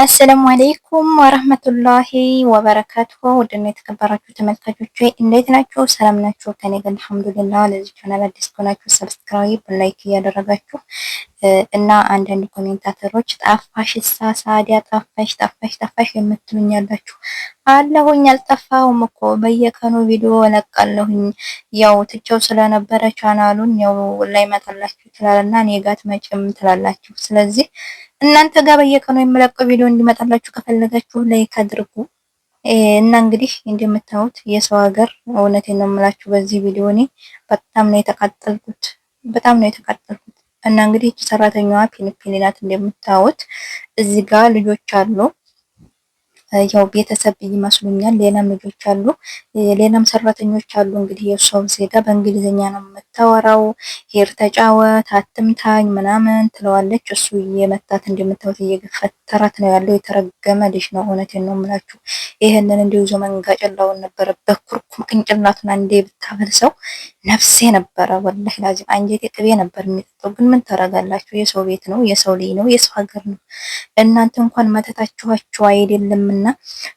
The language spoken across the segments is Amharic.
አሰላሙ አሌይኩም ወረህመቱላሂ ወበረካቱሁ። ውድና የተከበራችሁ ተመልካቾች እንዴት ናችሁ? ሰላም ናችሁ? ከኔ ጋር አልሐምዱሊላህ። ለዚህ ቻናል አዲስ ከሆናችሁ ሰብስክራይብ፣ ላይክ እያደረጋችሁ እና አንዳንድ ኮሜንታተሮች ጠፋሽ እሳ ሳዲያ ጠፋሽ ጠፋሽ ጠፋሽ የምትሉኝ ያላችሁ አለሁኝ አልጠፋሁም እኮ በየቀኑ ቪዲዮ እለቃለሁኝ። ያው ትቼው ስለነበረ ቻናሉን ያው ላይ መጣላችሁ ትላልና እኔ ጋር መጭም ትላላችሁ። ስለዚህ እናንተ ጋር በየቀኑ የምለቀው ቪዲዮ እንዲመጣላችሁ ከፈለጋችሁ ላይክ አድርጉ። እና እንግዲህ እንደምታዩት የሰው ሀገር እውነቴን ነው የምላችሁ፣ በዚህ ቪዲዮ እኔ በጣም ነው የተቃጠልኩት፣ በጣም ነው የተቃጠልኩት። እና እንግዲህ ሰራተኛዋ ፊሊፒን ናት እንደምታዩት፣ እዚህ ጋር ልጆች አሉ ያው ቤተሰብ ይመስሉኛል። ሌላም ልጆች አሉ፣ ሌላም ሰራተኞች አሉ። እንግዲህ የእሷም ዜጋ በእንግሊዝኛ ነው የምታወራው። ሄር ተጫወት፣ አትምታኝ ምናምን ትለዋለች። እሱ የመታት እንደምታዩት እየገፈተራት ነው ያለው። የተረገመ ልጅ ነው፣ እውነቴን ነው የምላችሁ። ይህንን እንዲሁ ዘመንጋ ጨላውን ነበረ በኩርኩም ቅንጭላቱን አንዴ ብታፈልሰው ነፍሴ ነበረ። ወላሂ ላዚም አንጀቴ ቅቤ ነበር። የምትጠጣው። ግን ምን ታረጋላችሁ? የሰው ቤት ነው፣ የሰው ልጅ ነው፣ የሰው ሀገር ነው። እናንተ እንኳን መተታችኋችሁ አይደለምና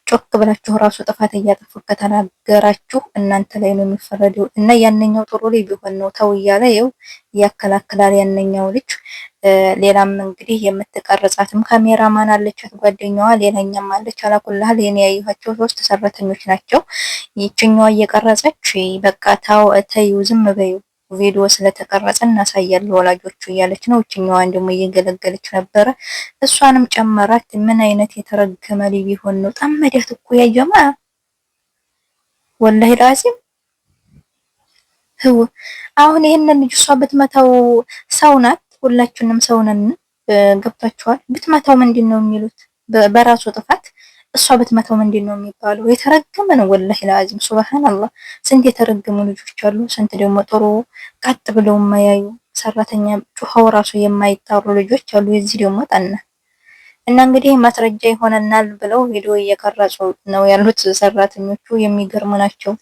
ጮክ ብላችሁ ራሱ ጥፋት እያጠፉ ከተናገራችሁ እናንተ ላይ ነው የሚፈረደው። እና ያነኛው ጥሩ ልጅ ቢሆን ነው ተው እያለ ይኸው እያከላክላል ያነኛው ልጅ። ሌላም እንግዲህ የምትቀርጻትም ካሜራማን አለቻት፣ ጓደኛዋ ሌላኛም አለች። አላኩልሃል የኔ ያየኋቸው ሶስት ሰራተኞች ናቸው። ይችኛዋ እየቀረጸች በቃ ታው ተዩ ዝም በዩ ቪዲዮ ስለተቀረጸ እናሳያለን ወላጆቹ እያለች ነው። እችኛዋን ደግሞ እየገለገለች ነበረ። እሷንም ጨመራት። ምን አይነት የተረገመ ልጅ ቢሆን ነው ጠመዳት እኮ ያየማ ወላሂ ላዚም ህው አሁን ይሄንን ልጅ እሷ ብትመታው ሰው ናት። ሁላችንም ሰው ነን። ገብታችኋል። ብትመታው ምንድን ነው የሚሉት በራሱ ጥፋት እሷ ብትመተው ምንድን ነው የሚባለው? የተረገመ ነው። ወላሂ ለአዚም ሱብሃን አላህ። ስንት የተረገሙ ልጆች አሉ፣ ስንት ደግሞ ጥሩ ቀጥ ብለው የማያዩ ሰራተኛ ጩኸው ራሱ የማይጣሩ ልጆች አሉ። የዚህ ደግሞ ጠና እና እንግዲህ ማስረጃ ይሆነናል ብለው ቪዲዮ እየቀረጹ ነው ያሉት ሰራተኞቹ። የሚገርሙ ናቸው።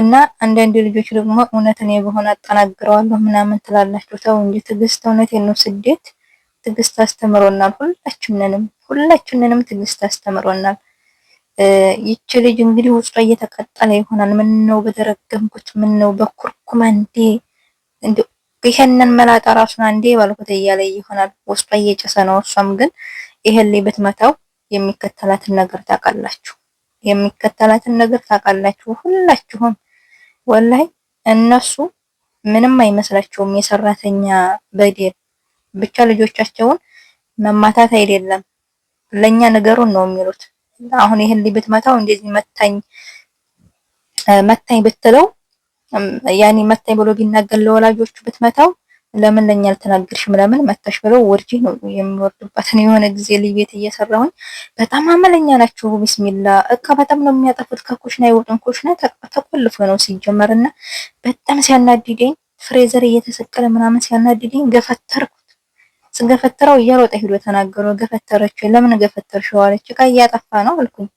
እና አንዳንድ ልጆች ደግሞ እውነትን በሆነ አጠናግረዋለሁ ምናምን ትላላችሁ። ተው እንጂ ትዕግስት። እውነቴን ነው ስደት ትዕግስት አስተምሮናል። ሁላችንንም ሁላችንንም ትዕግስት አስተምሮናል። ይቺ ልጅ እንግዲህ ውስጧ እየተቀጠለ ይሆናል። ምን ነው በደረገምኩት፣ ምን ነው በኩርኩም እንዴ ይሄንን መላጣ ራሱን አንዴ ባልኩት እያለ ይሆናል። ውስጧ እየጨሰ ነው። እሷም ግን ይሄን ላይ ብትመታው የሚከተላትን ነገር ታውቃላችሁ። የሚከተላትን ነገር ታውቃላችሁ ሁላችሁም። ወላይ እነሱ ምንም አይመስላችሁም የሰራተኛ በደል ብቻ ልጆቻቸውን መማታት አይደለም ለኛ ነገሩን ነው የሚሉት። አሁን ይሄን ልጅ ብትመታው እንደዚህ መታኝ መታኝ ብትለው ያኔ መታኝ ብሎ ቢናገር ለወላጆቹ ብትመታው ለምን ለኛ አልተናገርሽም? ለምን መታሽ ብለው ወርጂ ነው የሚወርዱበት። የሆነ ጊዜ ልጅ ቤት እየሰራሁኝ በጣም አመለኛ ናቸው። ቢስሚላ እቃ በጣም ነው የሚያጠፉት። ከኩሽና አይወጡም። ኩሽና ተቆልፎ ነው ሲጀመርና በጣም ሲያናድደኝ ፍሬዘር እየተሰቀለ ምናምን ሲያናድደኝ ገፈተርኩ። ስገፈተረው እየሮጠ ሄዶ ተናገረው። ገፈተረች ለምን ገፈተርሽው አለች። እቃ እያጠፋ ነው አልኩኝ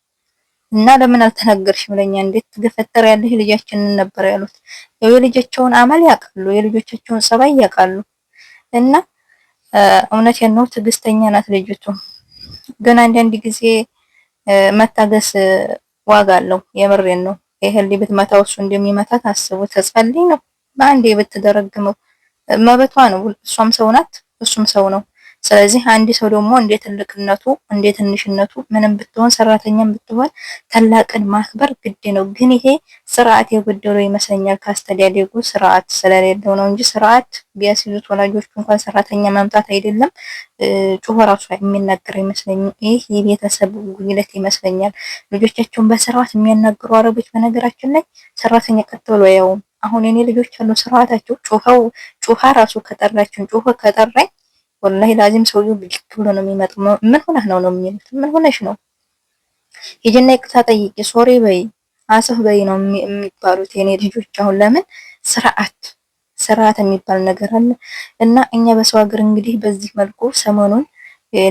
እና ለምን አልተናገርሽም ለኛ እንዴት ገፈተረ ያለህ ልጃችንን ነበር ያሉት። ያው የልጆቻቸውን አመል ያውቃሉ፣ የልጆቻቸውን ጸባይ ያውቃሉ። እና እውነቴን ነው ትዕግስተኛ ናት ልጅቱ። ግን አንዳንድ ጊዜ መታገስ ዋጋ አለው። የምሬን ነው። ይሄን ሊብት መታው እሱ እንደሚመታት አስቡ። ተጸልይ ነው በአንዴ ብትደረግመው መበቷ ነው። እሷም ሰው ናት። እሱም ሰው ነው። ስለዚህ አንድ ሰው ደግሞ እንደ ትልቅነቱ እንደ ትንሽነቱ ምንም ብትሆን ሰራተኛም ብትሆን ታላቅን ማክበር ግድ ነው። ግን ይሄ ስርዓት የጎደለው ይመስለኛል ካስተዳደጉ ስርዓት ስለሌለው ነው እንጂ ስርዓት ቢያስይዙት ወላጆቹ እንኳን ሰራተኛ መምጣት አይደለም ጩኸ ራሱ የሚናገር ይመስለኛል። ይህ የቤተሰብ ጉድለት ይመስለኛል። ልጆቻቸውን በስርዓት የሚያናግሩ አረቦች በነገራችን ላይ ሰራተኛ ብሎ ያውም አሁን የኔ ልጆች አሉ ስርዓታቸው ጮኸው ጮኸ ራሱ ከጠራችን ጮኸ ከጠራኝ ወላሂ ላዚም ሰውዬው ብልክ ብሎ ነው የሚመጣው። ምን ሆነህ ነው ነው የሚሉት። ምን ሆነሽ ነው ሂጂና ይቅርታ ጠይቂ፣ ሶሪ በይ፣ አስፍ በይ ነው የሚባሉት የኔ ልጆች። አሁን ለምን ስርዓት ስርዓት የሚባል ነገር አለ እና እኛ በሰው ሀገር እንግዲህ በዚህ መልኩ ሰሞኑን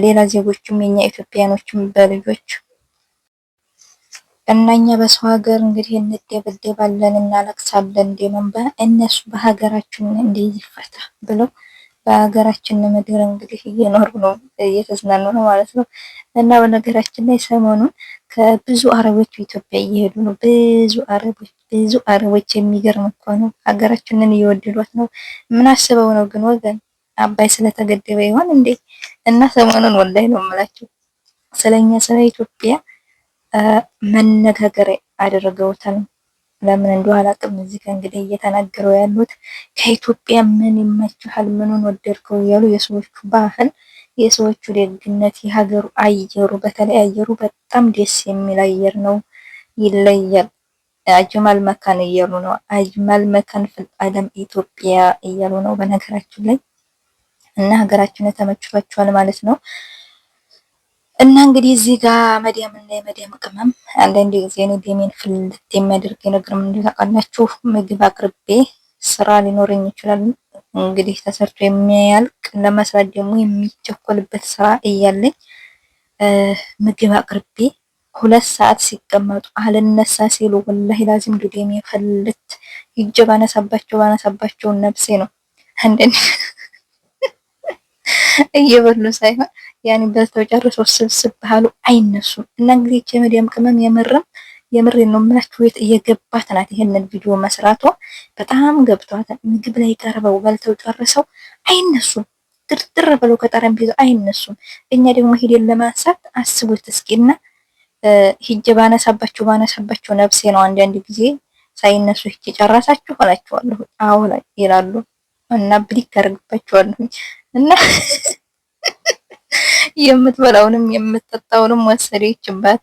ሌላ ዜጎችም የኛ ኢትዮጵያኖችም በልጆች እና እኛ በሰው ሀገር እንግዲህ እንደበደባለን፣ እናለቅሳለን እንደመንባ እነሱ በሀገራችን እንደይፈታ ብለው በሀገራችን ምድር እንግዲህ እየኖሩ ነው፣ እየተዝናኑ ነው ማለት ነው። እና በነገራችን ላይ ሰሞኑን ከብዙ አረቦች ኢትዮጵያ እየሄዱ ነው። ብዙ አረቦች ብዙ አረቦች የሚገርም እኮ ነው። ሀገራችንን እየወደዷት ነው። ምን አስበው ነው ግን ወገን? አባይ ስለተገደበ ይሆን እንዴ? እና ሰሞኑን ወላይ ነው የምላቸው ስለኛ ስለ ኢትዮጵያ መነጋገር አድርገውታል። ለምን እንደው አላውቅም። እዚህ ከእንግዲህ እየተናገረው ያሉት ከኢትዮጵያ ምን ይመችሃል፣ ምኑን ወደድከው እያሉ የሰዎቹ ባህል፣ የሰዎቹ ደግነት፣ የሀገሩ አየሩ፣ በተለይ አየሩ በጣም ደስ የሚል አየር ነው፣ ይለያል። አጅማል መካን እያሉ ነው። አጅማል መካን ፍል አለም ኢትዮጵያ እያሉ ነው። በነገራችን ላይ እና ሀገራችን ተመችቷችኋል ማለት ነው። እና እንግዲህ እዚህ ጋር መዲያም እና የመዲያም ቅመም አንዳንድ ጊዜ ነው ደሜን ፍልት የሚያደርግ ነገር ምን ታውቃላችሁ? ምግብ አቅርቤ ስራ ሊኖረኝ ይችላል። እንግዲህ ተሰርቶ የሚያልቅ ለመስራት ደግሞ የሚቸኮልበት ስራ እያለኝ ምግብ አቅርቤ ሁለት ሰዓት ሲቀመጡ አልነሳ ሲሉ ወላሂ ላዚም ደሜን ፍልት ይጀ ባነሳባቸው ባነሳባቸው ነፍሴ ነው አንዳንድ እየበሉ ሳይሆን ያኔ በልተው ጨርሰው ስብስብ ባህሉ አይነሱም። እና እንግዲህ የመዲያም ቅመም የምርም የምር ነው የምላችሁ ቤት እየገባት ናት። ይሄንን ቪዲዮ መስራቷ በጣም ገብቷት፣ ምግብ ላይ ቀርበው በልተው ጨርሰው አይነሱም። ድርድር ብለው ከጠረጴዛው አይነሱም። እኛ ደግሞ ሂደን ለማንሳት አስቡት እስኪና ሂጄ ባነሳባችሁ ባነሳባችሁ ነፍሴ ነው። አንዳንድ ጊዜ ሳይነሱ ሂጄ ጨረሳችሁ እላችኋለሁ። አዎ ይላሉ እና ብሊክ አድርግባችኋለሁ። እና የምትበላውንም የምትጠጣውንም ወሰደችባት።